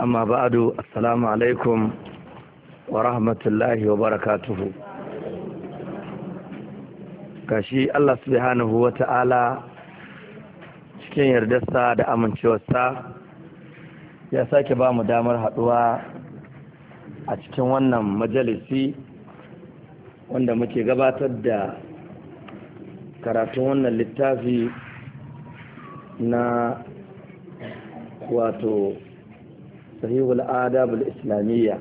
amma ba'adu assalamu alaikum wa rahmatullahi wa barakatuhu gashi Allah subhanahu wata'ala cikin yardarsa da amincewarsa ya sake ba mu damar haɗuwa a cikin wannan majalisi wanda muke gabatar da karatun wannan littafi na wato sahihul adabul islamiyya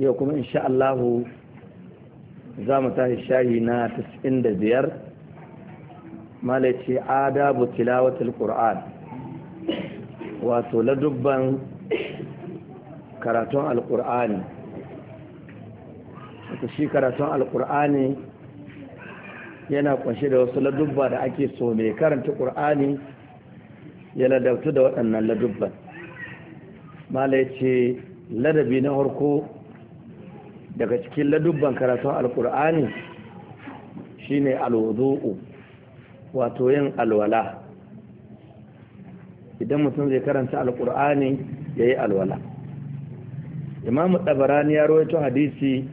yau kuma insha Allah za mu tashi shahi na 95 malaci adabu tilawatul qur'an wato ladubban karatun alqur'ani shi karatun alqur'ani yana kunshe da wasu ladubba da ake so mai karanta qur'ani ya ladabtu da waɗannan ladubban mala ce ladabi na harko daga cikin ladubban karatun alkur'ani shine alwudu'u wato yin alwala idan mutum zai karanta alkur'ani ya yi alwala imamu ɗabarani ya rawaito hadisi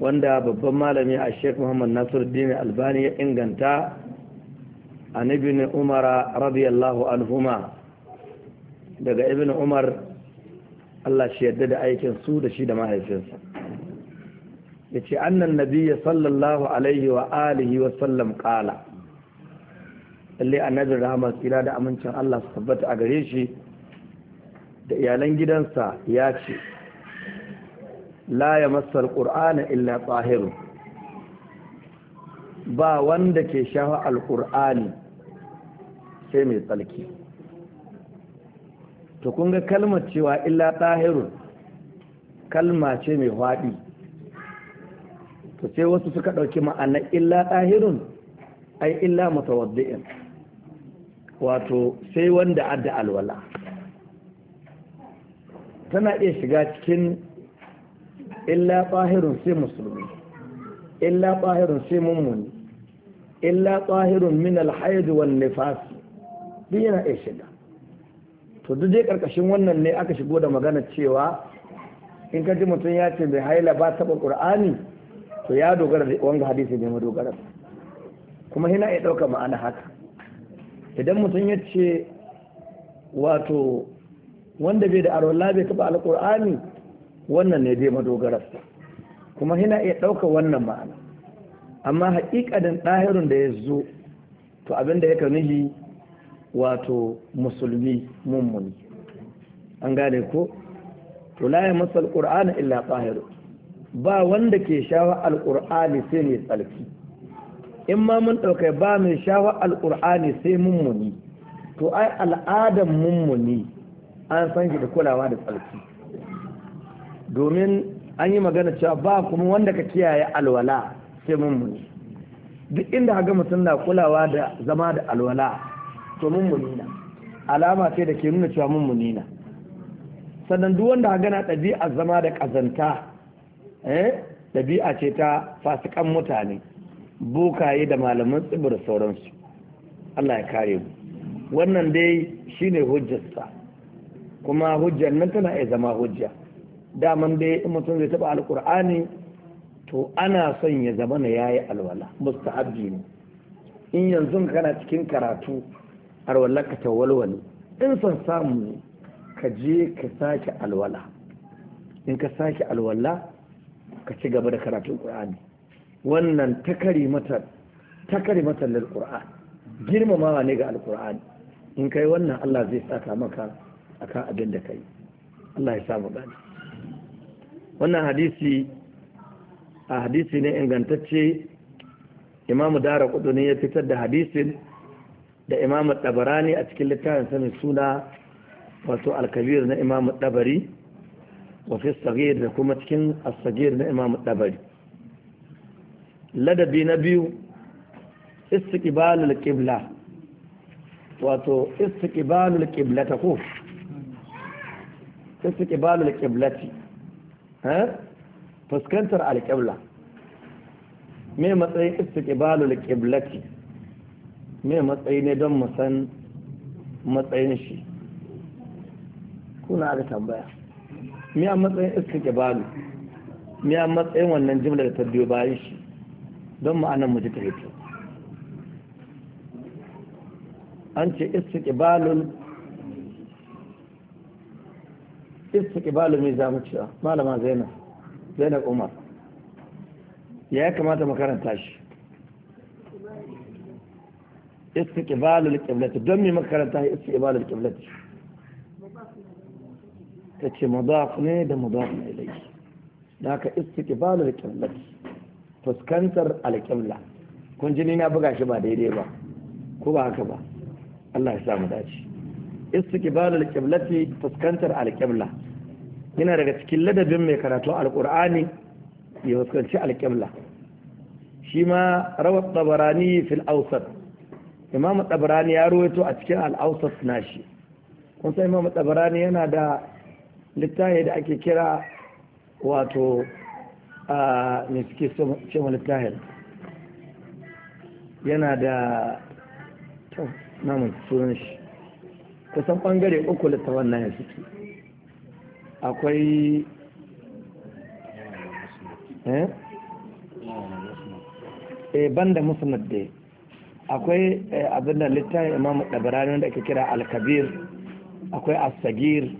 wanda babban malami a sheik muhammad nasiruddin albani ya inganta a nabin umara radiyallahu anhuma daga ibn umar Allah shi yadda da aikin su da shi da mahaifinsa ya ce annan nabiya sallallahu alaihi wa alihi wa sallam kala lalle annabin rahama tsira da amincin Allah su tabbata a gare shi da iyalan gidansa ya ce la ya masar ƙur'ana illa tsahiru ba wanda ke shafa alƙur'ani sai mai tsalki to kun ga kalmar cewa illa tahirun kalma ce mai faɗi to sai wasu suka ɗauki ma'ana illa tahirun ai illa mutawaddi'in wato sai wanda adda alwala tana iya shiga cikin illa tahirun sai musulmi illa tahirun sai mummuni illa tahirun min alhaid wal nifas duk yana iya shiga to duk dai karkashin wannan ne aka shigo da magana cewa in ka ji mutum ya ce bai haila ba taɓa ƙur'ani to ya dogara da wanga hadisi ne madogara kuma yana iya ɗauka ma'ana haka idan mutum ya ce wato wanda bai da arwallah bai taɓa alƙur'ani wannan ne dai madogara kuma yana iya ɗauka wannan ma'ana amma haƙiƙanin ɗahirin da ya zo to abin da ya nuhi wato musulmi mummuni an gane ko to la masal qurana illa tahir ba wanda ke shawa alqur'ani sai ne tsarki in ma mun dauka ba mai shawa alqur'ani sai mummuni to ai al'adan mummuni an san shi da kulawa da tsarki domin an yi magana cewa ba kuma wanda ka kiyaye alwala sai mummuni duk inda ga mutum na kulawa da zama da alwala to mummunina alama ce da ke nuna cewa mummunina sannan duk wanda gana ɗabi'a zama da ƙazanta eh ɗabi'a ce ta fasikan mutane bukaye da malaman tsibir sauransu Allah ya kare mu wannan dai shine hujjarsa kuma hujjar nan tana iya zama hujja daman dai in mutum zai taɓa alƙur'ani to ana son ya zama na yayi alwala mustahabbi ne in yanzu kana cikin karatu arwala ta walwali in son samu ka je ka sake alwala in ka sake alwala ka ci gaba da karatun ƙur'ani wannan takari mata takari mata lil ƙur'ani girmamawa ne ga alƙur'ani in kai wannan Allah zai saka maka akan abin da kai Allah ya samu gani wannan hadisi a hadisi ne ingantacce imamu dara kudu ne ya fitar da hadisin da imam tabarani a cikin littafin sanin suna wato al-kabir na imam tabari wa fi sagir da kuma cikin as-sagir na imam tabari ladabi na biyu istiqbalul qibla wato istiqbalul qibla ta ko istiqbalul qiblati ha fuskantar al-qibla me matsayin istiqbalul qiblati mai matsayi ne don mu san matsayin shi kuna da tambaya miya matsayin iska balu miya matsayin wannan jimla da ta biyo bayan shi don ma'anar mu ji ta hito an ce iska balu iska kibalun mai zamu cewa malama zainab zainab umar ya kamata makaranta shi istiqbalul qiblati don me makaranta ya istiqbalul qiblati ta ce mudaf ne da mudaf ilayhi da haka istiqbalul qiblati fuskantar alqibla kun ji ni na buga shi ba daidai ba ko ba haka ba Allah ya sa mu dace istiqbalul qiblati fuskantar alqibla yana daga cikin ladabin mai karatu alqur'ani ya fuskanci alqibla shi ma rawat tabarani fil awsat imamu tabarani ya ruwaito a cikin al'ausas nashi kun san imamu tabarani yana da littafi da ake kira wato a ne suke cewa littafin yana da namun sunan shi kusan bangare uku littafin nan ya suke akwai eh? eh banda musnad dai akwai eh, abin da littafin imamu ɗabirani wanda ake kira alkabir akwai asagir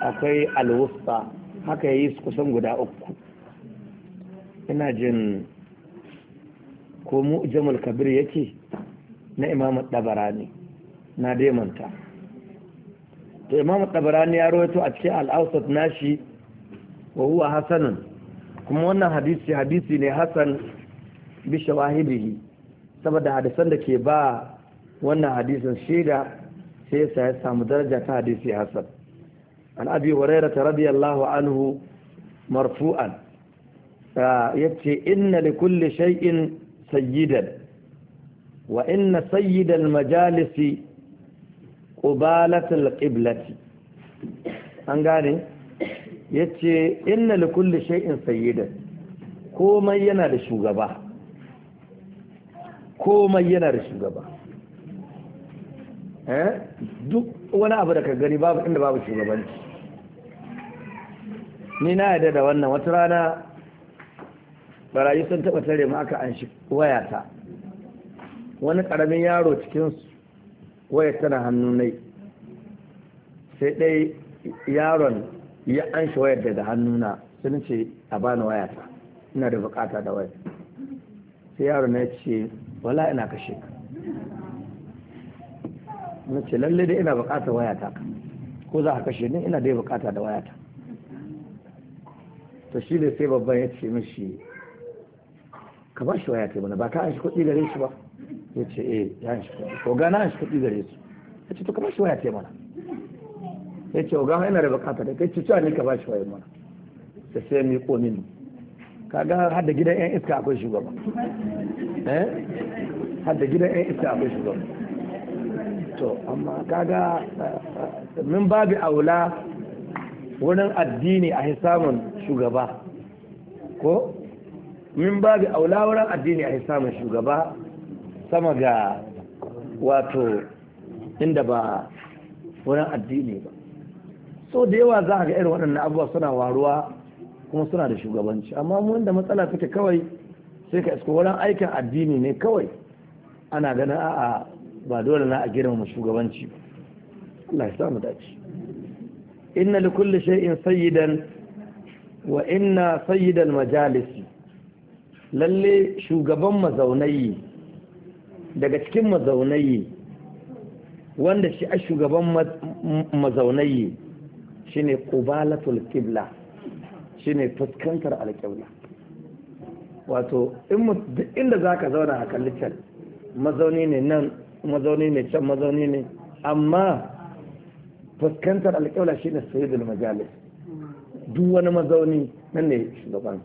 akwai alwusta haka yi su kusan guda uku ina jin ko jamul kabir yake na imamu ɗabirani na demanta to imamu ɗabirani ya rawaito a cikin al'ausat nashi wa huwa hasanun kuma wannan hadisi hadisi ne hasan bi shawahidihi saboda hadisan da ke ba wannan hadisin shaida sai yasa ya samu daraja ta hadisi hasan an abi hurairah radiyallahu anhu marfu'an yace inna li kulli shay'in sayyidan wa inna sayyidal majalisi qubalatul qiblati an gane yace inna li kulli shay'in sayyidan komai yana da shugaba komai yana da shugaba eh? duk wani abu da ka gani babu inda babu shugabanci ni na yadda da wannan wata rana barayi sun taba tare mu aka an shi wayata wani karamin yaro cikin waya tana hannu nai sai dai yaron ya an shi wayar daga hannuna sun ce a bani wayata ina da bukata da waya sai yaron ya ce wala ina kashe ka na ce lalle dai ina bukatar wayata ko za ka kashe ni ina dai bukata da wayata to shi ne sai babban ya ce mishi ka ba shi wayata mana ba ka an shi kuɗi gare shi ba ya ce eh ya shi kuɗi ko gana an shi kuɗi gare su ya ce to ka ba shi wayata mana ya ce ga ina da bukata da kai cewa ne ka ba shi wayata mana da sai ya miƙo mini kaga har da gidan yan iska akwai shugaba eh hada gidan 'yan isa akwai shugaban to amma kaga eh, eh, min babu aula wurin addini a hisamun shugaba ko min babu aula wurin addini a hisamun shugaba sama ga wato inda ba wurin addini ba so da yawa za a ga irin waɗannan abubuwa suna waruwa kuma suna da shugabanci amma mun da matsala take kawai sai ka isko wurin aikin addini ne kawai ana ganin a'a ba dole na a girmama shugabanci ba Allah ya mu dace inna li kulli shay'in sayyidan wa inna sayyidal majalisi lalle shugaban mazaunai daga cikin mazaunai wanda shi a shugaban mazaunai shine qubalatul qibla shine fuskantar alƙibla wato in inda zaka zauna a kallicin mazauni ne nan mazauni ne can mazauni ne amma fuskantar alƙawla shi ne da majalis duk wani mazauni nan ne shugaban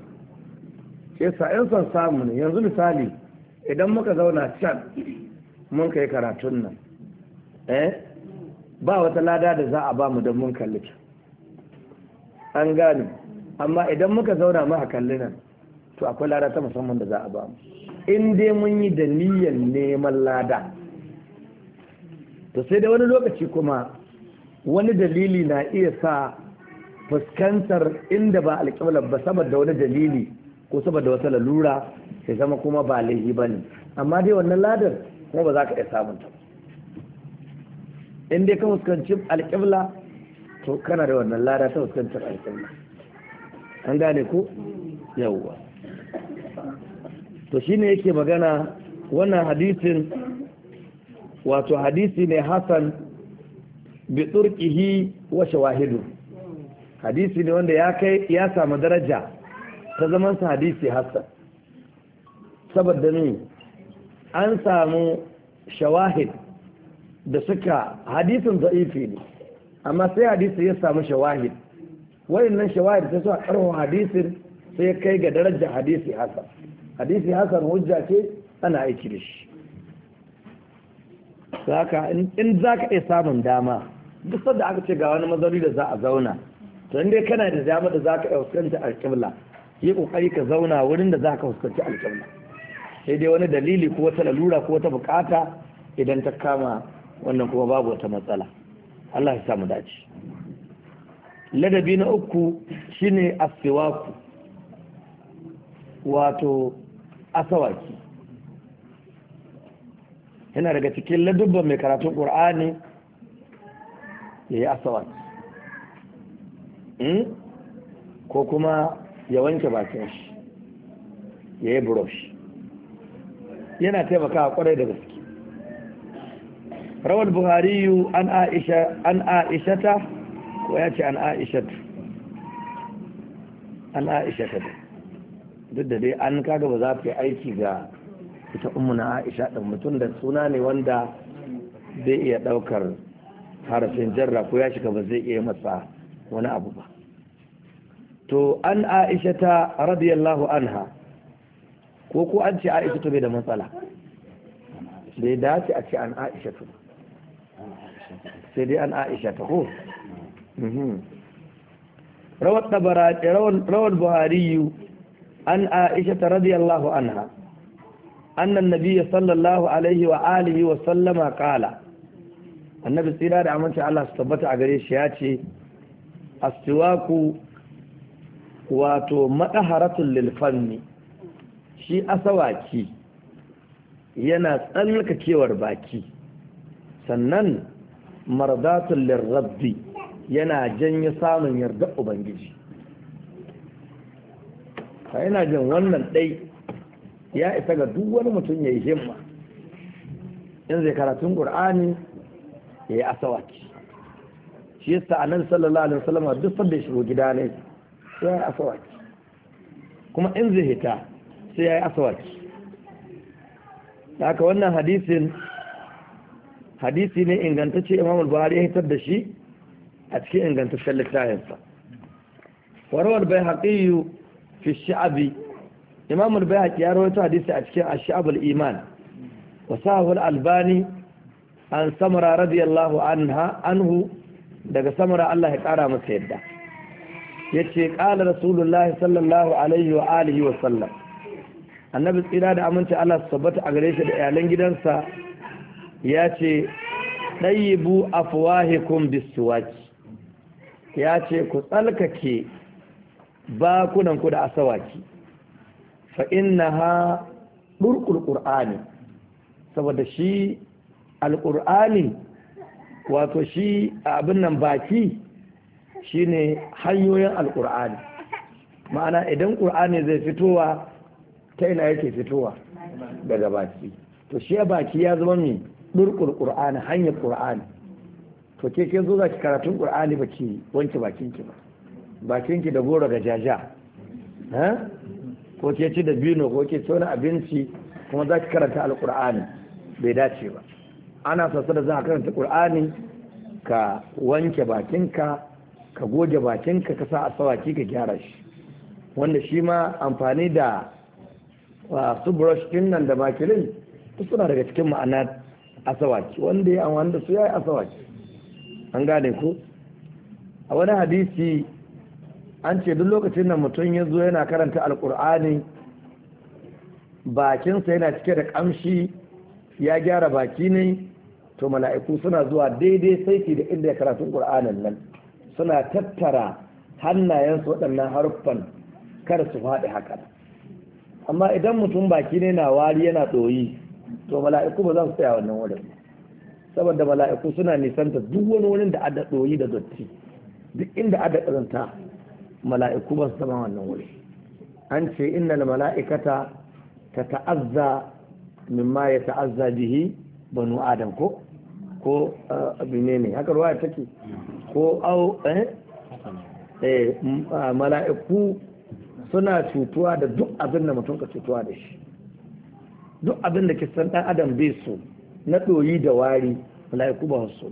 shi yasa yan son samu ne yanzu misali idan muka zauna can mun kai karatun nan eh ba wata lada da za a ba mu don mun kalli can an gane amma idan muka zauna mu a kalli nan to akwai lada ta musamman da za a ba mu in dai mun yi da niyyar neman lada to sai da wani lokaci kuma wani dalili na iya sa fuskantar inda ba alƙiblar ba saboda wani dalili ko saboda wata lalura sai zama kuma ba laihi ba ne amma dai wannan ladar kuma ba za ka iya samun ta in dai ka fuskanci alƙibla to kana da wannan lada ta fuskantar alƙibla an gane ko yawwa to shi ne yake magana wannan hadisin wato hadisi ne hasan bi wa shawahidu hadisi ne wanda ya kai ya samu daraja ta zaman sa hadisi hasan saboda ne an samu shawahid da suka hadisin za'ifi ne amma sai hadisi ya samu shawahid wayannan shawahid sai suka karho hadisin sai ya kai ga daraja hadisi hasan hadisi hasan hujja ce ana aiki da shi saka in za ka iya samun dama duk sadda aka ce ga wani mazauni da za a zauna to inda kana da dama da za ka iya fuskanta alƙibla yi kokari ka zauna wurin da za ka fuskanci alƙibla sai dai wani dalili ko wata lalura ko wata bukata idan ta kama wannan kuma babu wata matsala Allah ya samu dace ladabi na uku shine asiwaku wato asawaki yana daga cikin ladubban mai karatun ƙur'ani ya yi asawaki hmm? ko kuma ya wanke bakin shi ya yi brush yana taimakawa kwarai da gaske rawar buhari an aisha ko ya ce an aisha ta an aisha ta duk da dai an kaga ba za ta yi aiki ga ita ummu na aisha ɗin mutum da suna ne wanda zai iya ɗaukar harafin jarra ko ya shiga ba zai iya masa wani abu ba to an aisha ta radiyallahu anha ko ko an ce aisha ta bai da matsala bai dace a ce an aisha ta sai dai an aisha ta ko mhm. rawar buhari an aisha ta radiyallahu anha annan nabiyya sallallahu alaihi wa alihi wa sallama qala annabi tsira da aminci Allah su tabbata a gare shi ya ce astiwaku wato madaharatul lil fanni shi asawaki yana tsallakakewar baki sannan mardatul lirrabbi yana janye samun yarda ubangiji ka ina jin wannan ɗai ya isa ga duk wani mutum ya yi himma in zai karatun ƙur'ani ya yi asawaki shi yasa annabi sallallahu alaihi wasallam duk sanda ya shigo gida ne sai ya yi asawaki kuma in zai hita sai ya yi asawaki haka wannan hadisin hadisi ne ingantacce imam al-buhari ya hitar da shi a cikin ingantaccen littafinsa warwar bai haƙiyu fi sha'abi imam al-bayhaqi ya rawaito hadisi a cikin ash-sha'ab iman wa sahul albani an samara radiyallahu anha anhu daga samara Allah ya kara masa yadda yace qala rasulullah sallallahu alaihi wa alihi wa sallam annabi tsira da aminci Allah su tabbata a gare shi da iyalan gidansa yace ce afwahikum afuwahikum bisuwaki ya ku tsalkake bakunanku da asawaki fa innaha durqul qur'ani saboda shi alqur'ani wato shi abin nan baki shine hanyoyin alqur'ani ma'ana idan qur'ani zai fitowa ta ina yake fitowa daga baki to shi baki ya zama mai durqul qur'ani hanyar qur'ani to ke ke zo za ki karatun qur'ani baki wanke bakin ki ba bakinki da goro ga jaja ko ke ci da bino ko ke tona abinci kuma za ki karanta alkur'ani bai dace ba ana sassa da za a karanta ƙur'ani ka wanke bakinka ka goge bakinka ka sa a sawaki ka gyara shi wanda shi ma amfani da su brush din nan da bakilin suna daga cikin ma'ana asawaki wanda ya amfani da su ya yi asawaki an gane ku a wani hadisi an ce duk lokacin da mutum ya zo yana karanta alkur'ani bakinsa yana cike da kamshi ya gyara baki ne to mala'iku suna zuwa daidai saiti da inda ya karatu ƙur'anin nan suna tattara hannayensu waɗannan haruffan kar su faɗi haka amma idan mutum baki ne na wari yana ɗoyi to mala'iku ba za su tsaya wannan wurin saboda mala'iku suna nisanta duk wani wurin da ada ɗoyi da dotti duk inda ada ƙazanta mala'iku ba su taba wannan wuri an ce innal mala'ikata ta ta'azza mimma ya ta'azza bihi banu adam ko ko abine uh, ne haka ruwa take ko au eh, eh uh, mala'iku suna cutuwa da duk abin da mutum ka cutuwa da shi duk abin da kisan dan adam bai so na ɗoyi da wari mala'iku ba su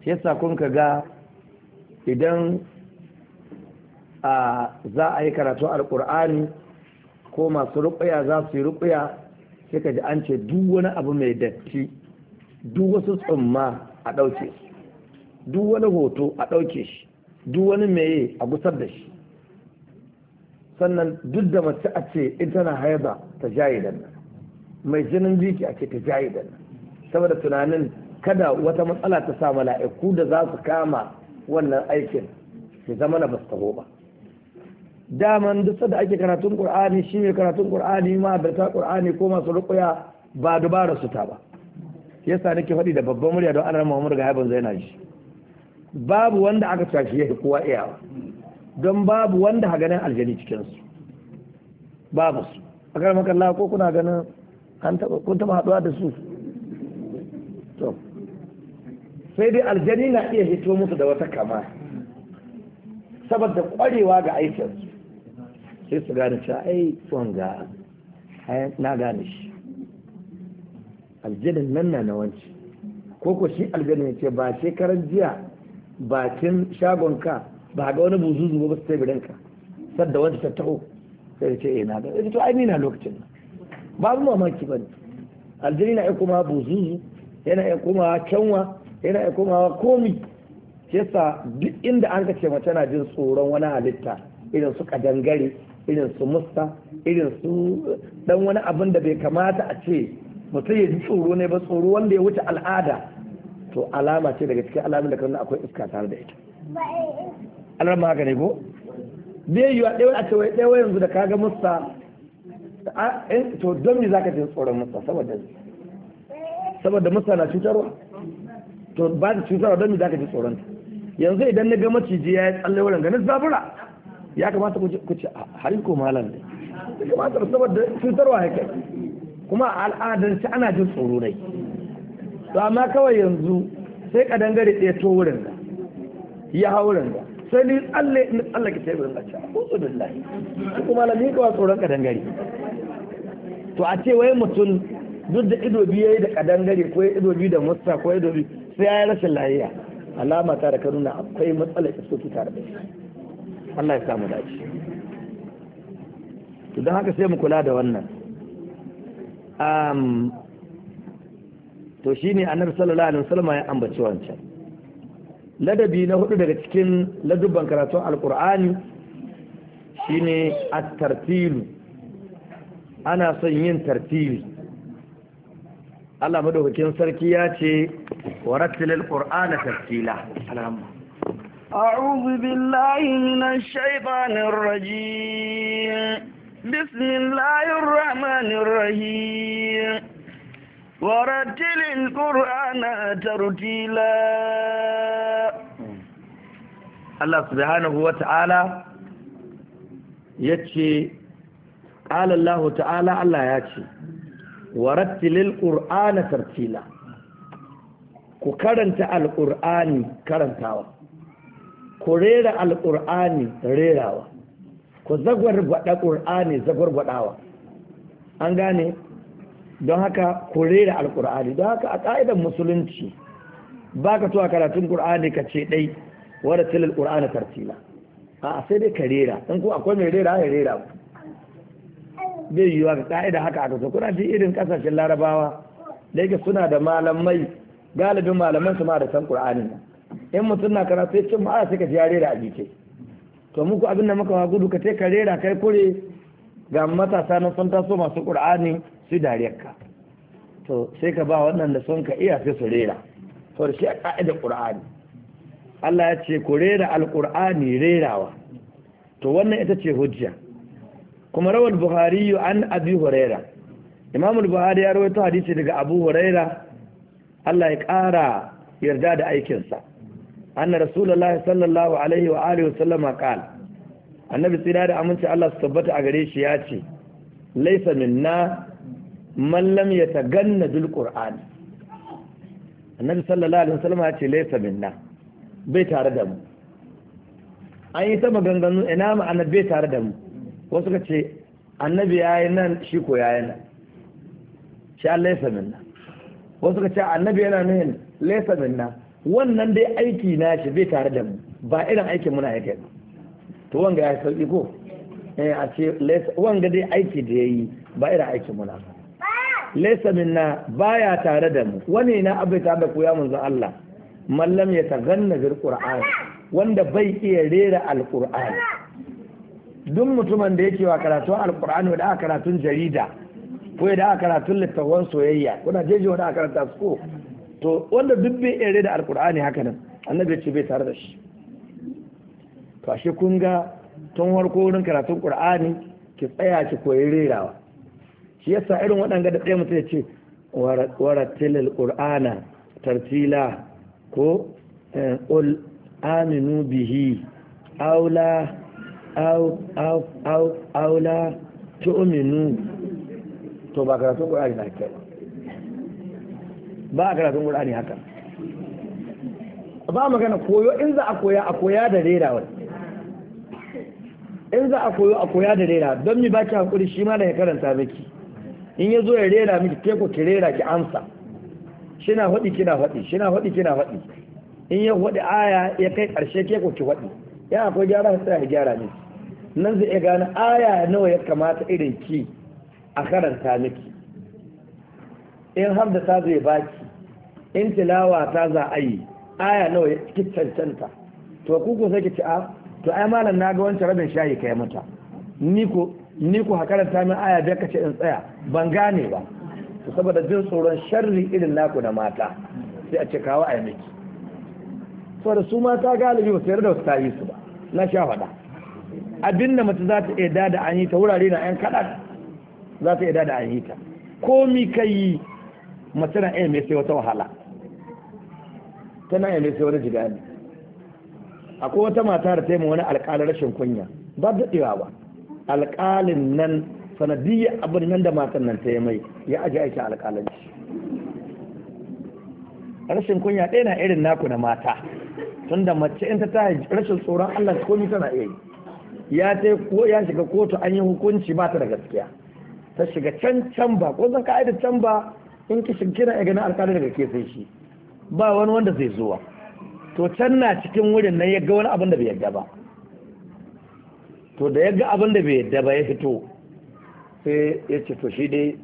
shi yasa kun ka ga idan za a yi karatu alkur'ani ko masu rukuya za su yi rukuya sai ka ji an ce duk wani abu mai datti duk wasu tsumma a ɗauke duk wani hoto a ɗauke shi duk wani meye a gusar da shi sannan duk da mace a ce in tana haiba ta jayi da nan mai jinin jiki a ce ta jayi da nan saboda tunanin kada wata matsala ta sa mala'iku da za su kama wannan aikin ya zama na ba su taho ba daman duk da ake karatun qur'ani shi mai karatun qur'ani ma da ta qur'ani ko masu ruqya ba dubara su ta ba yasa nake faɗi da babban murya don anar Muhammad ga yaban zaina shi babu wanda aka tashi yake kowa iyawa don babu wanda ha ganin aljani cikin su babu su a karamar kalla ko kuna ganin an taba kun taba haduwa da su to sai dai aljani na iya hito musu da wata kama saboda kwarewa ga aikinsu sai su gane cewa ai tsohon ga na gane shi aljanin nan na na wanci ko ko shi aljanin ya ce ba shekaran jiya bakin shagon ka ba ga wani buzuzu ba su tabi ka sadda wanda ta taho sai ce eh na ga ita to ai ni na lokacin ba babu mamaki ne aljani na iya kuma buzuzu yana iya kuma canwa yana iya kuma komi yasa duk inda an ka ce mace na jin tsoron wani halitta idan su dangare. irin su musta irin su dan wani abin da bai kamata a ce mutum ya ji tsoro ne ba tsoro wanda ya wuce al'ada to alama ce daga cikin alamun da kan akwai iska tare da ita alama haka ne ko bai yiwa ɗaya a cewa ɗaya yanzu da kaga musta to don me zaka ji tsoron musta saboda saboda musta na cutarwa to ba da cutarwa don me zaka ji tsoron yanzu idan na ga maciji ya yi tsalle wurin ganin zabura ya kamata ku ce ah, har malam ne ya kamata saboda cutarwa ya kai kuma al'adance ana jin tsoro ne to amma kawai yanzu sai ka dangare ɗaya to wurin da ya hau wurin da sai ni tsalle in tsalle ka teburin a cewa kusa lai su kuma ya kawai tsoron ka dangare to a ce wai mutum duk da ido biyu yayi da kadangare ko ido biyu da musta ko ido biyu sai ya yi rashin lahiya alama ta da ka nuna akwai matsalar iskoki tare da shi Allah ya samu dace to don haka sai mu kula da wannan um, to shine annabi sallallahu alaihi wasallam ya ambaci wancan ladabi na hudu daga cikin ladubban karatun alkur'ani shine at-tartilu ana son yin tartili Allah madaukakin sarki ya ce wa rattilil qur'ana tartila alhamdulillah أعوذ بالله من الشيطان الرجيم بسم الله الرحمن الرحيم ورتل القرآن ترتيلا الله سبحانه وتعالى يتشي قال الله تعالى الله يتشي ورتل القرآن ترتيلا ku karanta alƙur'ani karantawa ku rera alƙur'ani rerawa ku zagwargwada ƙur'ani gwadawa an gane don haka ku rera alƙur'ani don haka a ƙa'idan musulunci ba ka tuwa karatun ƙur'ani ka ce ɗai wadda tilil ƙur'ani tartila a sai dai ka rera in ku akwai mai rera ya rera ku bai yiwuwa ga ƙa'idan haka a so kuna ji irin ƙasashen larabawa da yake suna da malamai galibin malaman su ma da san ƙur'ani nan in mutum na karatu ya cin ma'ara sai ka jiya rera a jike to muku abin da muka gudu ka ce ka rera kai kure ga matasa na sun taso masu ƙur'ani su dariyar ka to sai ka ba waɗanda sun ka iya sai su rera to da shi a ƙa'idar ƙur'ani Allah ya ce ku rera alƙur'ani rerawa to wannan ita ce hujja kuma rawar buhari an abi huraira imam buhari ya rawaito hadisi daga abu huraira Allah ya ƙara yarda da aikinsa anna rasulullahi sallallahu alaihi wa alihi wa sallama qala annabi tsira da aminci Allah su tabbata a gare shi ya ce laisa minna man lam yataganna bil qur'an annabi sallallahu alaihi wa sallama ya ce laisa minna bai tare da mu an yi ta maganganu ina ma'ana bai tare da mu wasu ka ce annabi yi nan shi ko ya yi nan shi Allah laisa minna wasu ka ce annabi yana nuhin laisa minna wannan dai aiki na shi bai tare da mu ba irin aikin muna yake to wanga ya sauki ko eh a ce wanga dai aiki da yayi ba irin aikin muna laysa minna baya tare da mu wani na abai ta da ku ya manzo Allah mallam ya taganna bil qur'an wanda bai iya rera alqur'ani duk mutumin da yake wa karatu alqur'ani da karatun jarida ko da karatun littafin soyayya kuna jeje wanda karanta su ko to wanda duk bai ere da alkur'ani haka nan annabi ce bai tare da shi to ashe kun ga tun harko wurin karatun qur'ani ki tsaya ki koyi rerawa shi yasa irin waɗanga da ɗaya mutum ya ce waratilil qur'ana tartila ko eh, ul aminu bihi aula au au au to ba karatun qur'ani na kai ba a karatun qur'ani haka ba magana koyo in za a koya a koya da rera wani. in za a koyo a koya da rera don mi baki hakuri shi ma da ya karanta miki in ya zo ya rera miki ke ku ki rera ki amsa Shi na faɗi kina na shina ki kina faɗi in ya faɗi aya ya kai ƙarshe ke ku ki faɗi ya akwai gyara sai ya gyara miki nan zai iya gane aya nawa ya kamata irin ki a karanta miki in hamda ta zai baki in tilawa ta za a yi aya nawa ya ki cancanta to ku ku sai ki ci a to ai malam na ga wancan rabin shayi kai mata ni ko ni ko hakaranta min aya da kace in tsaya ban gane ba to saboda jin tsoron sharri irin naku na mata sai a ce kawo a miki saboda su mata galibi ba su da wasu tayi su ba na sha faɗa abinda mace za ta iya da an yi ta wurare na ƴan kaɗan za ta iya da an yi ta komi ka yi mace na iya mai sai wata wahala tana iya mai sai wani jigani akwai wata mata da ta yi wani alƙalin rashin kunya ba daɗewa ba alƙalin nan sanadiyya abin nan da matan nan ta yi mai ya aji aiki shi rashin kunya ɗaya na irin naku na mata tun da mace in ta ta rashin tsoron Allah ni tana iya yi ya ta ko ya shiga kotu an yi hukunci ba ta da gaskiya ta shiga can can ba ko zan ka'ida can ba in kishin kira ya gani alƙalin daga ke sai shi ba wani wanda zai zuwa to can na cikin wurin nan ya ga wani abin da bai yadda ba to da ya ga abin da bai yadda ba ya fito sai ya ce to shi dai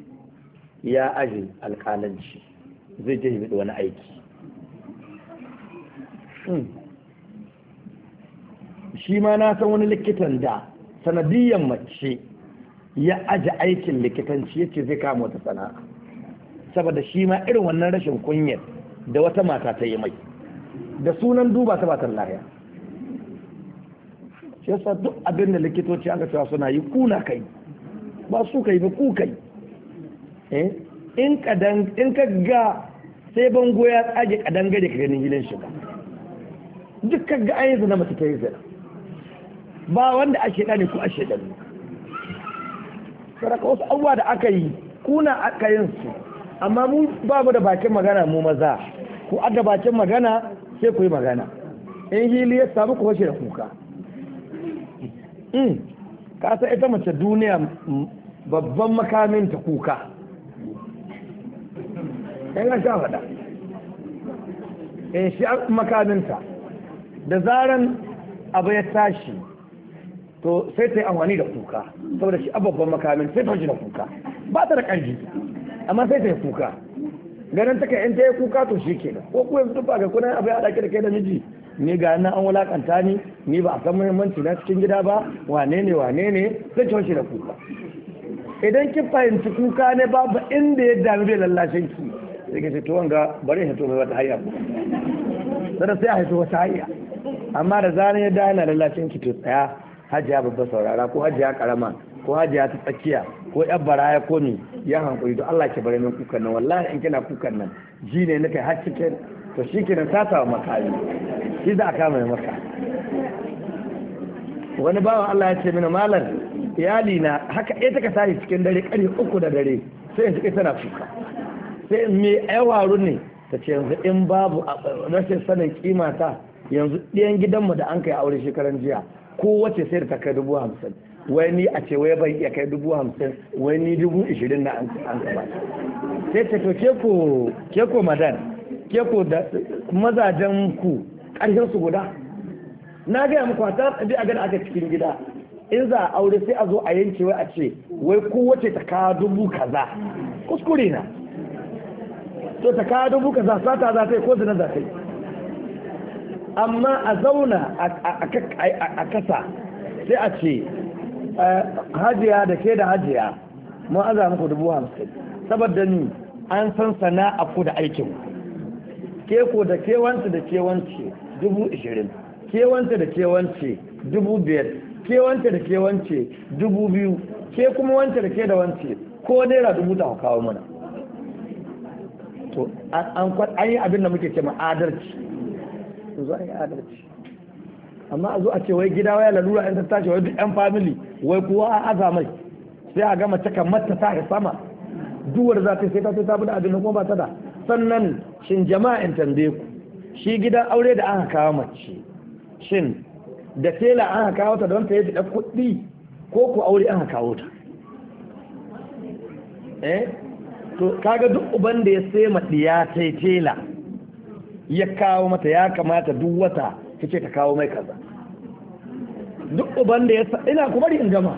ya aji alƙalanci zai je yi wani aiki hmm. shi ma na san wani likitan da sanadiyyar mace ya aji aikin likitanci ya ce zai kama wata sana'a saboda shi ma irin wannan rashin kunyar da wata mata ta yi mai da sunan duba ta batar lahiya shi yasa duk abin da likitoci aka cewa suna yi kuna kai ba su kai ba ku kai eh? in kadan in ka ga sai bango ya tsage kadan gare ka ganin gidan shiga duk ka ga ayin zina mace ta yi zina ba wanda a ne ko a shedani saraka wasu abubuwa da aka yi kuna aka yin su amma mu ba mu da bakin magana mu maza ku adda bakin magana sai ku yi magana in hili ya samu ku da kuka in hmm. ka san ita mace duniya babban makamin ta kuka ina sha faɗa in eh, shi makaminta da zaran abu ya tashi to sai ta yi amfani da kuka saboda shi babban makamin sai ta da kuka ba ta da ƙarfi amma sai ta yi kuka ganin ta in ta yi kuka to shi ke ko ku yanzu tufa ga kuna abu ya haɗa da kai da miji ni ga nan an wulaƙanta ni ni ba a san muhimmanci na cikin gida ba wane ne wane ne zai cewa shi da kuka idan kin fahimci kuka ne babu inda ya dami bai lallashin ki sai ka ce to wanga bari ya to mai wata hayya sai sai a haifi wata hayya amma da zane ya dana lallashin ki to tsaya hajiya babba saurara ko hajiya karama ko hajiya ta tsakiya ko yan baraya ko ne ya hankuri to Allah ke bari min kukan nan wallahi in kina kukan nan ji ne na kai har cikin to shi ke nan sata shi za a kama maka wani bawan Allah ya ce mini malam iyali na haka ita ka tashi cikin dare kare uku da dare sai in ji tana kuka sai me ayawaru ne ta ce yanzu in babu rashin sanin kima ta yanzu ɗiyan gidanmu da an kai aure shekaran jiya ko wace sai da ta dubu hamsin wai ni a ce wai bai iya kai dubu hamsin wai ni dubu ishirin na an saba sai ce to keko keko madan keko da mazajen ku ƙarshen su guda na gaya muku a tsar a gada aka cikin gida in za a aure sai a zo a yanke wai a ce wai wace ta kawo dubu kaza kuskure na to ta kawo dubu kaza sata za ta yi ko zina za ta yi amma a zauna a kasa sai a ce Eh, hajiya da ke da hajiya mun aza muku dubu hamsin saboda ni an san sana'a ku da aikin ke ko da kewanci da kewanci dubu ishirin kewanci da kewanci dubu biyar kewanci da kewanci dubu biyu ke kuma wance da ke da wance ko naira dubu ta kawo mana to an yi abin da muke ce ma adalci yi adalci amma a zo a ce wai gida waya lalura in ta tashi wai duk yan family wai kowa a aza mai sai a gama ta kamar ta tashi sama duwar za ta sai ta ta da abin kuma ba ta da sannan shin jama'a in tambaye ku shi gidan aure da aka kawo mace shin da tela aka kawo ta don ta yi fiɗa kuɗi ko ku aure aka kawo ta eh to kaga duk uban da ya sai ma diya ta tela ya kawo mata ya kamata duk wata ta ce ka kawo mai kaza duk uban da ya sa ina kuma in gama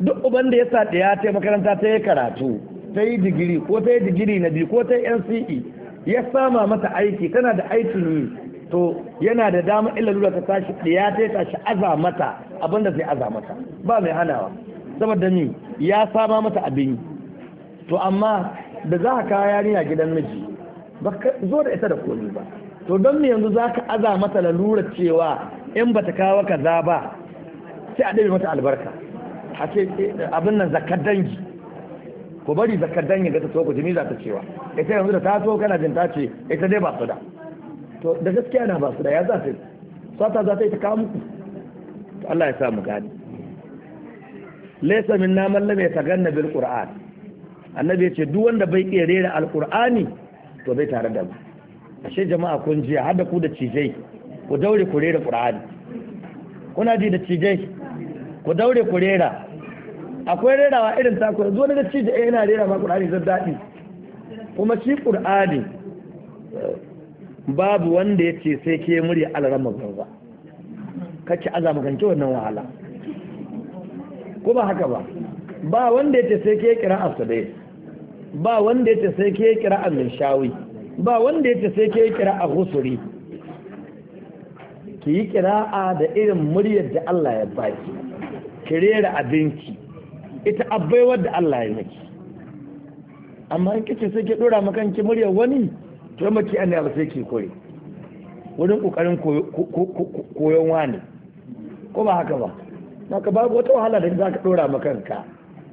duk uban da ya da ta makaranta ta yi karatu ta yi digiri ko ta yi digiri na biyu ko ta yi NCE ya sama mata aiki tana da aikin yi to yana da dama illa lura ta tashi da ya ta tashi aza mata abinda zai aza mata ba mai hanawa saboda ni ya sama mata abin to amma da za ka kawo yarinya gidan miji ba zo da ita da komi ba to don me yanzu za ka aza mata lalura cewa in ba ta kawo kaza ba sai a ɗabe mata albarka a ce eh, abin nan zakar dangi ku bari zakar dangi ga ta so ku jini za ta cewa ita yanzu da ta so kana jin ta ce ita dai ba su da to da gaskiya na ba su da ya za ta yi sata za ta yi ta kawo muku to Allah ya sa mu gani laysa minna lame ta ganna bil qur'an annabi ya ce duk wanda bai iya rera alqur'ani to bai tare da mu ashe jama'a kun jiya har da ku da cijai ku daure ku rera qur'ani kuna ji da cijai ku daure ku rera akwai rerawa irin ta ku zo da cije eh yana rera ma qur'ani zan dadi kuma shi qur'ani babu wanda ya ce sai ke murya alaran magana kace azama kanke wannan wahala ko ba haka ba ba wanda ya ce sai ke kira Asabe, ba wanda ya ce sai ke kira annin shawi ba wanda ya sai ke kira a husuri ki yi kira a da irin muryar da Allah ya baki ki rera abinci ita abbai wanda Allah ya maki amma in kace sai ke dora maka kanki muryar wani to maki an ba sai ke koyi wurin kokarin koyon wani ko ba haka ba haka babu wata wahala da za ka dora maka kanka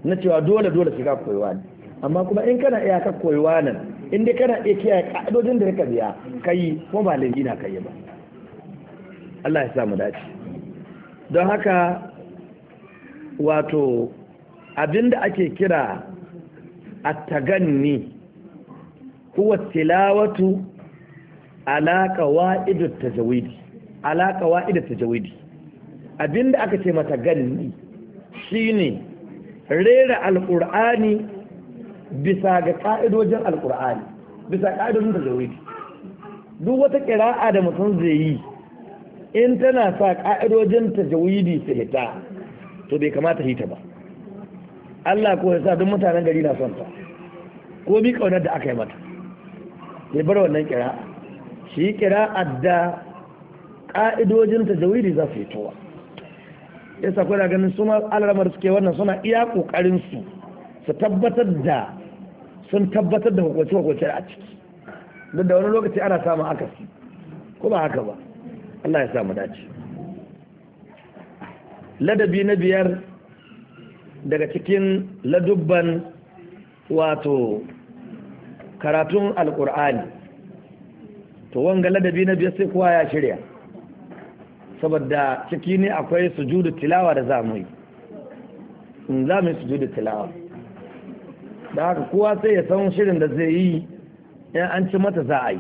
na cewa dole dole shiga koyi wani amma kuma in kana iya ka koyuwa nan in dai kana iya kiyaye ka'idojin da ka biya kai ko ba laifi na kai ba Allah ya sa mu dace don haka wato abinda ake kira at-taganni huwa tilawatu ala qawaid at-tajwid ala qawaid at abinda aka ce mata ganni shine rera al al-qur'ani bisa ga ka'idojin alkur'ani bisa ka'idojin tajawidi duk wata kira'a da mutum zai yi in tana sa ka'idojin jawidi su hita to bai kamata hita ba Allah ko ya sa duk mutanen gari na son ta ko bi kaunar da aka yi mata ya bar wannan kira'a shi kira'a da ka'idojin jawidi za su hitowa yasa kuna ganin su ma alramar suke wannan suna iya kokarin su su tabbatar da sun tabbatar da hukunce-hukunce a ciki duk da wani lokaci ana samun akasi ko ba haka ba Allah ya samu dace ladabi na biyar daga cikin ladubban wato karatun alkur'ani to wanga ladabi na biyar sai kowa ya shirya saboda ciki ne akwai sujudu tilawa da zamuyi in za sujudu tilawa da haka kowa sai ya san shirin da zai yi in an ci mata za a yi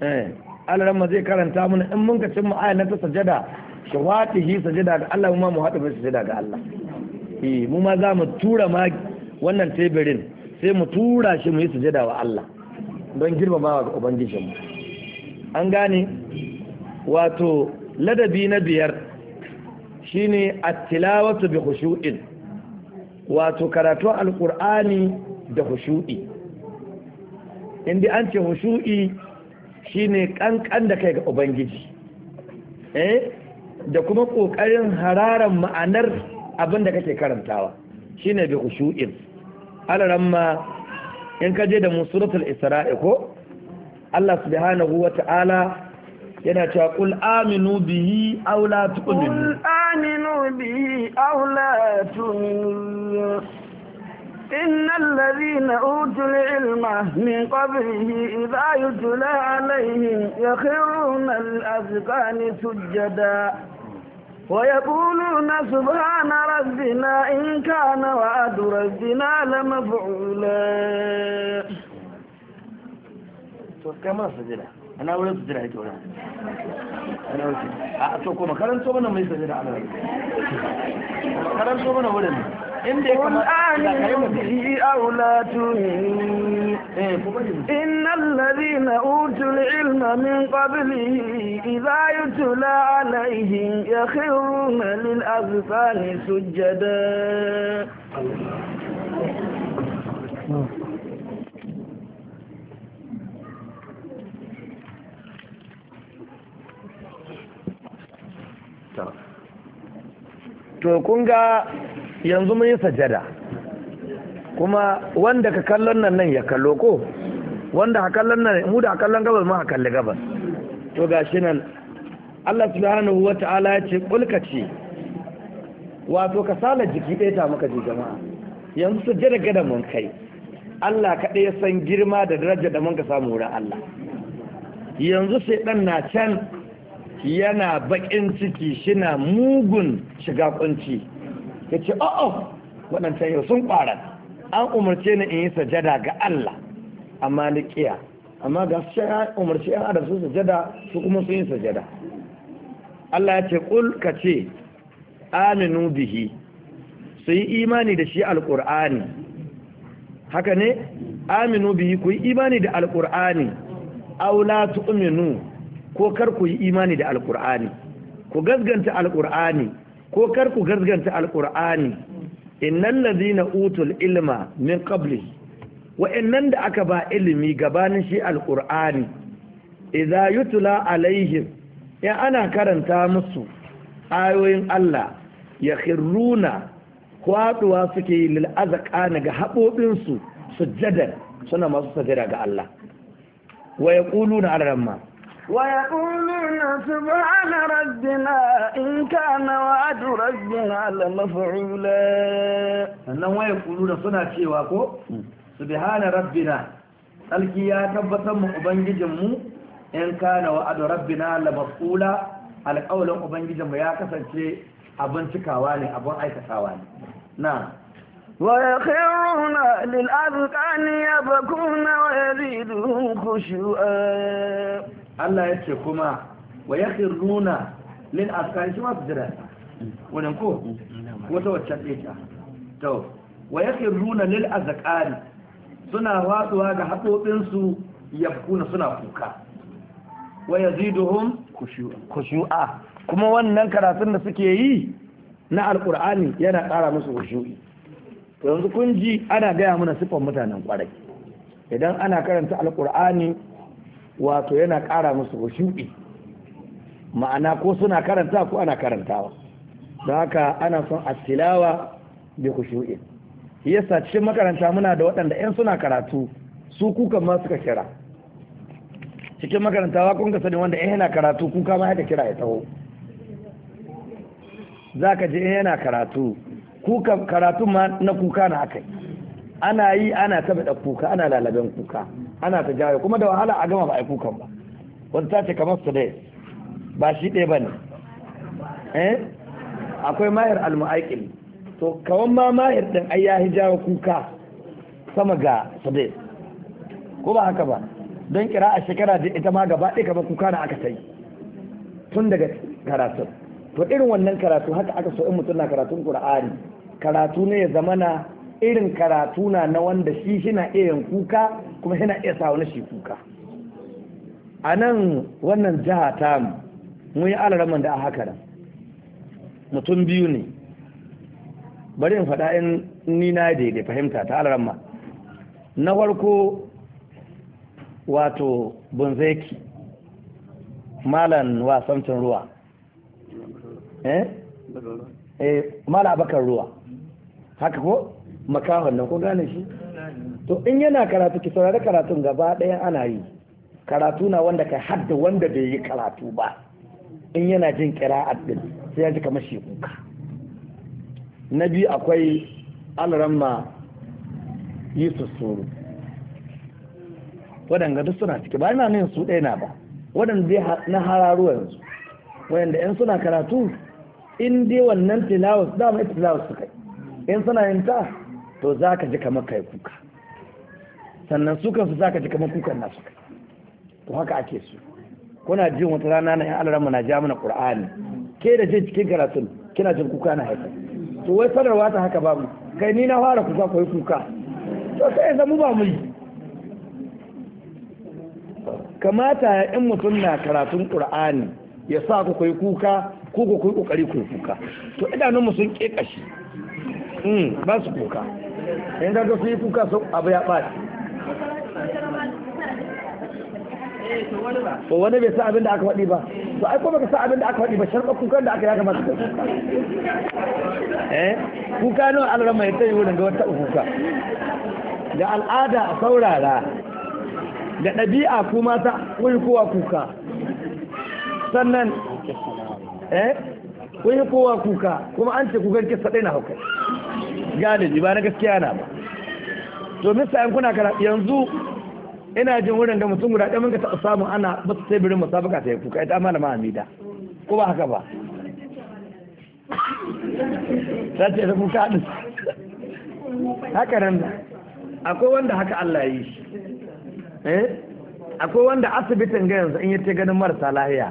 eh, alaramma zai karanta mana in mun ka cin ma'aya na ta sajada shi sajada ga Allah mu ma mu haɗa bai sajada ga Allah eh, mu ma za mu tura ma wannan teburin sai mu tura shi mu yi sujada wa Allah don girmamawa ga mu an gane wato ladabi na biyar shine at-tilawatu bi khushu'in wato karatu alkur'ani da hushu'i inda an ce hushu'i shine kankan da kai ga ubangiji eh da kuma kokarin hararan ma'anar abin da kake karantawa shine bi hushu'in alaramma in ka je da mu suratul isra'i ko Allah subhanahu ta'ala yana cewa kul aminu bihi aw la tu'minu kul aminu bihi aw la tu'minu إن الذين أوتوا العلم من قبله إذا يتلى عليهم يخرون الأذقان سجدا ويقولون سبحان ربنا إن كان وعد ربنا لمفعولا. كما سجلها أنا أولا تزرع تولا أنا أولا أعطوكو مكرم صوبنا ما يزرع على ربي مكرم صوبنا أولا قل أنبي أولاتني إيه، إن الذين أوتوا العلم من قبله إذا يتلى عليهم يخرون للأغفال سجدا to kun ga yanzu mun yi sajada kuma wanda ka kallon nan nan ya kallo ko wanda ka kallon nan mu da kallon gabas mu kalli gabas to gashi nan Allah subhanahu wata'ala ta'ala ya ce kulka ce wato ka sala jiki ɗaya ta maka ji jama'a yanzu jira gada mun kai Allah kaɗai ya san girma da daraja da mun ka samu wurin Allah yanzu sai ɗan na can yana bakin ciki shina mugun shiga kunci ya ce o'o oh, oh, waɗancan yau sun ƙwarar an umarce ni in yi sajada ga Allah amma ni kiya. amma ga su ya umarci yan adam su sajada su kuma sun yi sajada Allah ya ce kul ka ce aminu bihi su yi imani da shi alƙur'ani haka ne aminu bihi ku yi imani da alƙur'ani aw la tu'minu ko kar ku yi imani da alkur'ani ku gasganta alkur'ani ko kar ku gasganta alkur'ani innal ladina utul ilma min qabli wa innan da aka ba ilimi gabanin shi alkur'ani idza yutla alaihim ya ana karanta musu ayoyin Allah ya khiruna kwaduwa suke yi azqana ga haɓoɓinsu sujjadar suna masu sajada ga Allah wa ya ƙulu na ويقولون سبحان ربنا إن كان وعد ربنا لمفعولا sannan wa yaquluna suna cewa ko subhana rabbina alki ya tabbatar mu ubangijin mu in kana wa'ad rabbina la maf'ula alqawlan ubangijin mu ya kasance abin cikawa ne abin aikatawa ne na'am ويخرون للأذقان يبكون ويزيدهم خشوعا Allah ya ce kuma wa ya nuna lil askari shi masu jira wani ko wata waccan ta to wa ya khirruna lil azakari suna watsuwa ga ya kuna suna kuka wa hun kushu'a kuma wannan karatun da suke yi na alƙur'ani yana ƙara musu kushu'i to yanzu kun ji ana gaya mana sifan mutanen kwarai idan ana karanta alƙur'ani wato yana ƙara musu shuɗi ma'ana ko suna karanta ko ana karantawa don haka ana son a tilawa bi shuɗi yasa cikin makaranta muna da waɗanda 'yan suna karatu su kuka ma suka kira cikin makarantawa kun ka sani wanda 'yan yana karatu kuka ma haka kira ya taho za ka ji yana karatu kuka karatu ma na kuka na akai ana yi ana taɓa kuka ana lalaben kuka ana ta jawo kuma da wahala a gama ba a yi kukan ba wata ta ce kamar su dai ba shi ɗaya ba ne eh? akwai mahir almu'aikil to kawan ma mahir ɗin ai ya jawo kuka sama ga su dai ko ba haka ba don kira a shekara da ita ma gaba ɗaya kamar kuka na aka sai tun daga karatu, to irin wannan karatu haka aka so in mutum na karatun qur'ani karatu ne ya zamana irin karatu na na wanda shi shina iya kuka kuma shina iya sa wani shi kuka a nan wannan jiha ta mu mun yi alaraman da a haka da, mutum biyu ne bari in faɗa in nina da daidai fahimta ta alarama na farko wato bunzeki malan wasancin ruwa eh? eh mala abakar ruwa haka ko makahon nan ko gane shi to in yana karatu ki saurari karatun gaba ɗaya ana yi karatu na wanda ka hadda wanda bai yi karatu ba in yana jin kira'at din sai ya ji kamar shi kuka na biyu akwai alramma yusuf suru waɗanda duk suna ciki ba ina nan su ɗaya na ba waɗanda zai na hararuwa yanzu waɗanda yan suna karatu in dai wannan tilawus dama ita tilawus suka in suna yin ta to za ka ji kamar kai kuka sannan su kansu za ka ji kamar kukan nasu to haka ake su kuna jin wata rana na yan alaranmu na ja mana qur'ani ke da jin cikin karatun kina jin kuka na haifar? to wai sanarwa ta haka babu kai ni na fara kusa koyi kuka to sai zamu ba mu yi kamata in mutum na karatun qur'ani ya sa ku koyi kuka ko ku koyi kokari ku kuka to idanun mu sun ƙeƙashi ƙashi hmm, ba su kuka in ga su yi kuka su abu ya ɓaci ko wani bai sa abin da aka faɗi ba to ai ko baka sa abin da aka faɗi ba sharɓa kukan da aka ya kamata ka kuka eh kuka nawa an rama ya tayi wurin ga wata kuka da al'ada a saurara da ɗabi'a kuma ta wani kowa kuka sannan eh wuri kowa kuka kuma an ce kukan kisa ɗaya na haukai ji ba na gaskiya na ba to mista yan kuna kara yanzu ina jin wurin da mutum guda ɗaya mun ka taɓa samu ana ba su sai birin musabaka ta yi kuka ita malama amida ko ba haka ba ta ce da kuka ɗin haka nan akwai wanda haka Allah ya yi shi eh akwai wanda asibitin ga yanzu in yi ta ganin marasa lahiya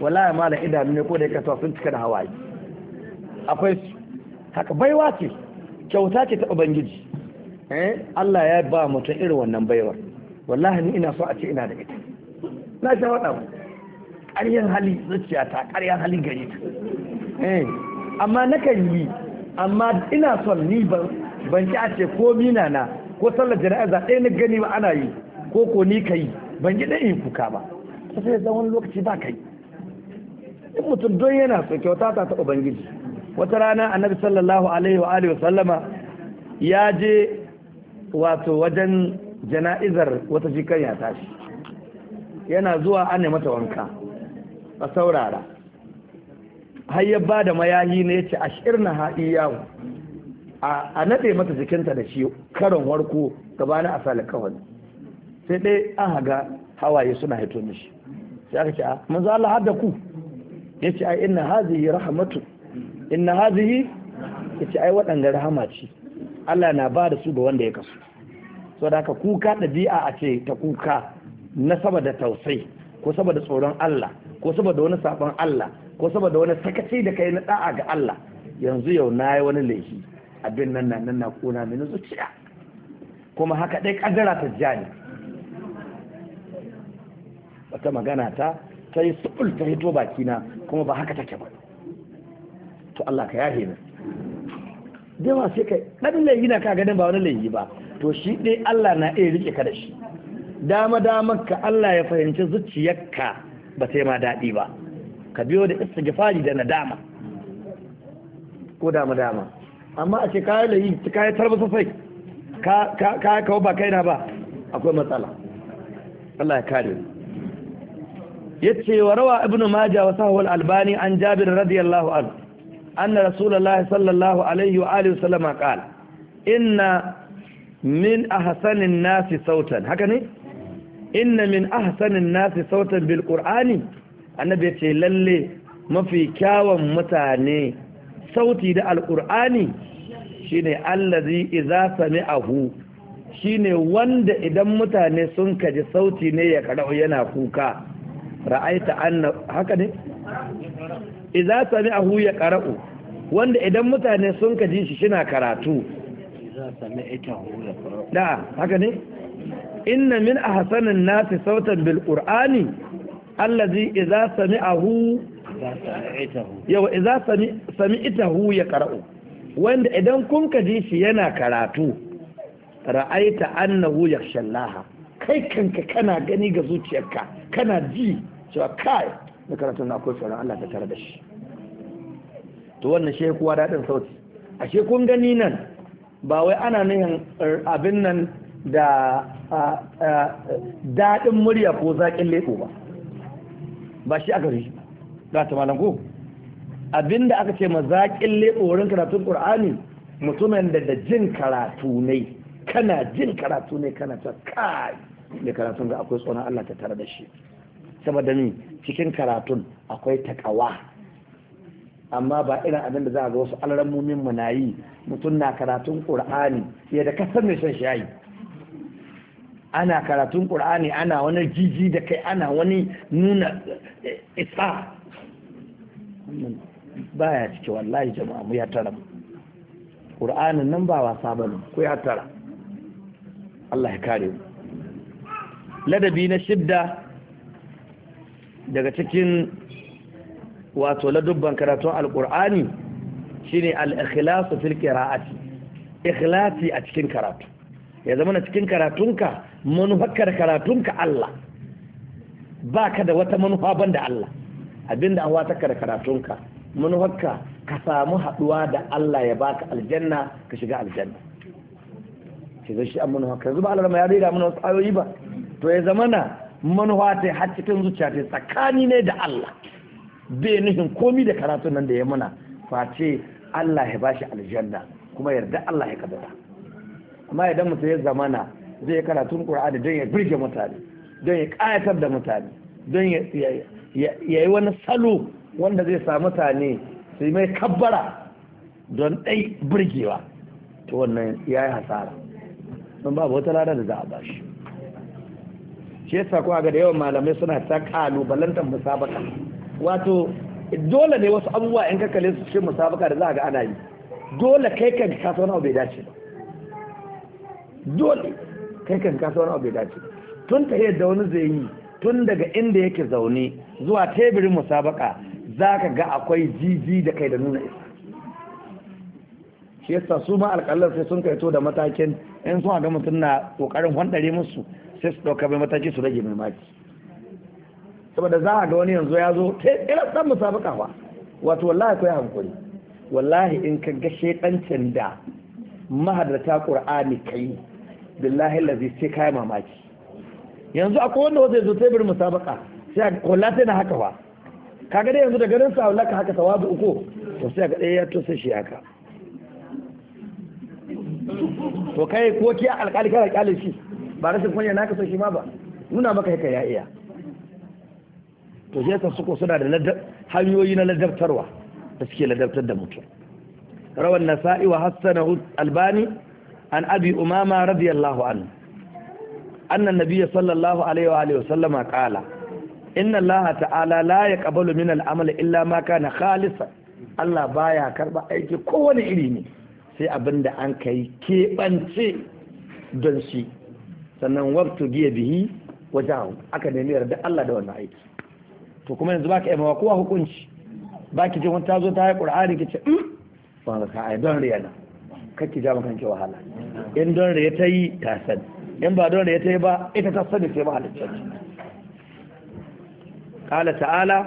wallahi malam idanu ne ko da yake kasuwa sun cika da hawaye akwai haka baiwa ce kyauta ce ta ubangiji eh Allah ya ba mutum irin wannan baiwar wallahi ni ina so a ce ina da ita na sha wada mu ƙaryan hali zuciya ta ƙaryan hali gari ta eh amma nakan yi amma ina son ni ban ban ki a ce ko mina na ko sallar jana'iza ɗaya na gani ba ana yi ko ko ni kai ban yi yin kuka ba sai da wani lokaci ba kai in mutum don yana so kyauta ta ta ubangiji wata rana annabi sallallahu alaihi wa alihi sallama ya je wato wajen jana'izar wata jikan ya tashi yana zuwa an mata wanka a saurara har ya ba da mayahi ne ya ce a shirna ha'iyawu a naɗe mata jikinta da shi karon warko gabanin a sale kawai sai dai an haga hawaye suna hito mishi sai aka ce a manzo Allah har da ku yace a inna hazihi rahmatu inna hazihi yace ai waɗanda rahama ce Allah na ba da su ga wanda ya kasu saboda ka kuka ɗabi'a a ce ta kuka na saboda tausayi ko saboda tsoron Allah ko saboda wani sabon Allah ko saboda wani sakaci da kai na da'a ga Allah yanzu yau na yi wani laifi abin nan nan na kona mini zuciya kuma haka dai kaddara ta jani wata magana ta ta yi ta hito bakina kuma ba haka take ba to Allah ka yahe min da yawa sai kai ɗan laifi na ka ganin ba wani laifi ba to shi dai Allah na iya rike ka da shi dama damar ka Allah ya fahimci zuciyarka ba ta yi ma daɗi ba ka biyo da istighfari da nadama ko dama dama amma a ce kayan laifi kayan tarba sosai ka ka ka ba kaina ba akwai matsala Allah ya kare mu yace wa rawa ibnu majah wa sahih albani an jabir radiyallahu anhu أن رسول الله صلى الله عليه وآله وسلم قال إن من أحسن الناس صوتا هكذا إن من أحسن الناس صوتا بالقرآن annabi ya ce lalle mafi kyawun mutane sauti da alkur'ani shine allazi idza shine wanda idan mutane sun kaji sauti ne ya karau yana kuka ra'aita anna haka ne idza sami'ahu ya qara'u wanda idan mutane sun ka ji shi shina karatu da haka ne inna min ahsanin nasi sautan bil qur'ani allazi idza sami'ahu yawa idza sami'tahu ya qara'u wanda idan kun ka ji shi yana karatu ra'aita annahu yakhshallaha kai kanka kana gani ga zuciyarka kana ji cewa kai da karatun na akwai tsoron Allah ta tare da shi to wannan shi kuwa daɗin sauti shi kun gani nan ba wai ana nuhin er, abin nan da daɗin murya ko zaƙin leɓo ba ba shi aka rishi ba ta malam ko abin da aka ce ma zaƙin leɓo wurin karatun ƙur'ani mutumin da da jin karatu ne kana jin karatu ne kana ta kai da karatun ga akwai tsoron Allah ta tare da shi saboda ni cikin karatun akwai takawa amma ba irin abin da za a ga wasu alarammomin mu na yi mutum na karatun ƙur'ani ya da kasar mai son shayi ana karatun ƙur'ani ana wani jiji da kai ana wani nuna eh, isa baya cike wallahi jama'a mu ya tara ƙur'anin nan ba wasa ba ku ya tara Allah ya kare mu ladabi na shidda daga cikin wato ladubban karatun alkur'ani shine al-ikhlasu fil qira'ati ikhlasi a cikin karatu ya zama na cikin karatunka manufar karatunka Allah baka da wata manufa banda Allah abinda an wata da karatunka manufarka ka samu haduwa da Allah ya baka aljanna ka shiga aljanna shi zai shi an manufarka ka ba Allah ya rera mana wasu ayoyi ba to ya zama na manuwa ta har cikin zuciya ta tsakani ne da Allah bai nufin komi da karatu nan da ya muna face Allah ya bashi aljanna kuma yarda Allah ya kaddara amma idan mutum ya zamana zai karatun Qur'ani don ya birge mutane don ya kayatar da mutane don ya yi wani salo wanda zai sa mutane su mai kabbara don ɗai birgewa to wannan ya yi hasara don babu wata rana da za a bashi shi yasa kuwa ga da yawan malamai suna ta kalubalantar musabaka wato dole ne wasu abubuwa in kakkalin su ce musabaka da za a ga ana yi dole kai kan kasa wani abu bai dace dole kai kan kasa wani abu bai dace tun ta yadda wani zai yi tun daga inda yake zaune zuwa teburin musabaka za ka ga akwai jiji da kai da nuna isa shi yasa su ma alƙalar sai sun to da matakin in sun ga mutum na ƙoƙarin hwandare musu sai su ɗauka mai mataki su rage mai maki saboda za a ga wani yanzu ya zo ta ila ɗan musabaka ba wato wallahi kai hankuri wallahi in ka ga shedancin da mahadarta qur'ani kai billahi lazi sai kai mamaki yanzu akwai wanda wanda zo tebir musabaka sai wallahi na haka ba kaga dai yanzu da garin sa wallahi haka tawazu uku to sai ga dai ya to sai shi haka to kai ko ki alƙali kana alƙalin shi ba rashin kunya naka so shi ma ba nuna maka haka ya iya to sai yasa suko suna da hanyoyi na ladabtarwa da suke ladabtar da mutum rawan nasa'i wa hassanahu albani an abi umama radiyallahu anhu anna nabiyya sallallahu alaihi wa alihi sallama qala inna allah ta'ala la yaqbalu min al-amali illa ma kana khalisa allah baya karba aiki kowane iri ne sai abinda an kai kebance don shi sannan wabtu biya bihi wajahu aka nemi yarda Allah da wannan aiki to kuma yanzu baka yaba kowa hukunci baki je wata zo ta yi qur'ani kace um mm, ba ka ai don riya na kake ja maka wahala in don riya ta yi ta sani in ba don riya ta yi ba ita ta sani sai mahalicci qala ta'ala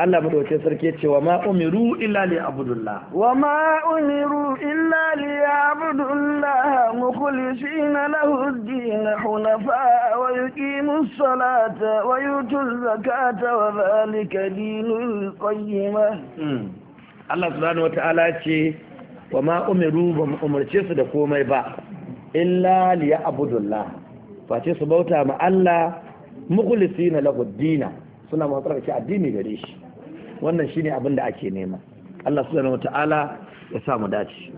Allah madaukakin sarki ce wa ma umiru illa li abudullah wa ma umiru illa li abudullah mukhlisina lahu ad-din hunafa wa yuqimus salata wa yutuz zakata wa zalika dinul qayyimah hmm. Allah subhanahu wata'ala ce wa ma umiru ba umarce su da komai ba illa li abudullah face su bauta ma Allah mukhlisina lahu ad-din suna masu tsarkake addini gare shi wannan shine abin da ake nema Allah subhanahu wataala ya sa mu dace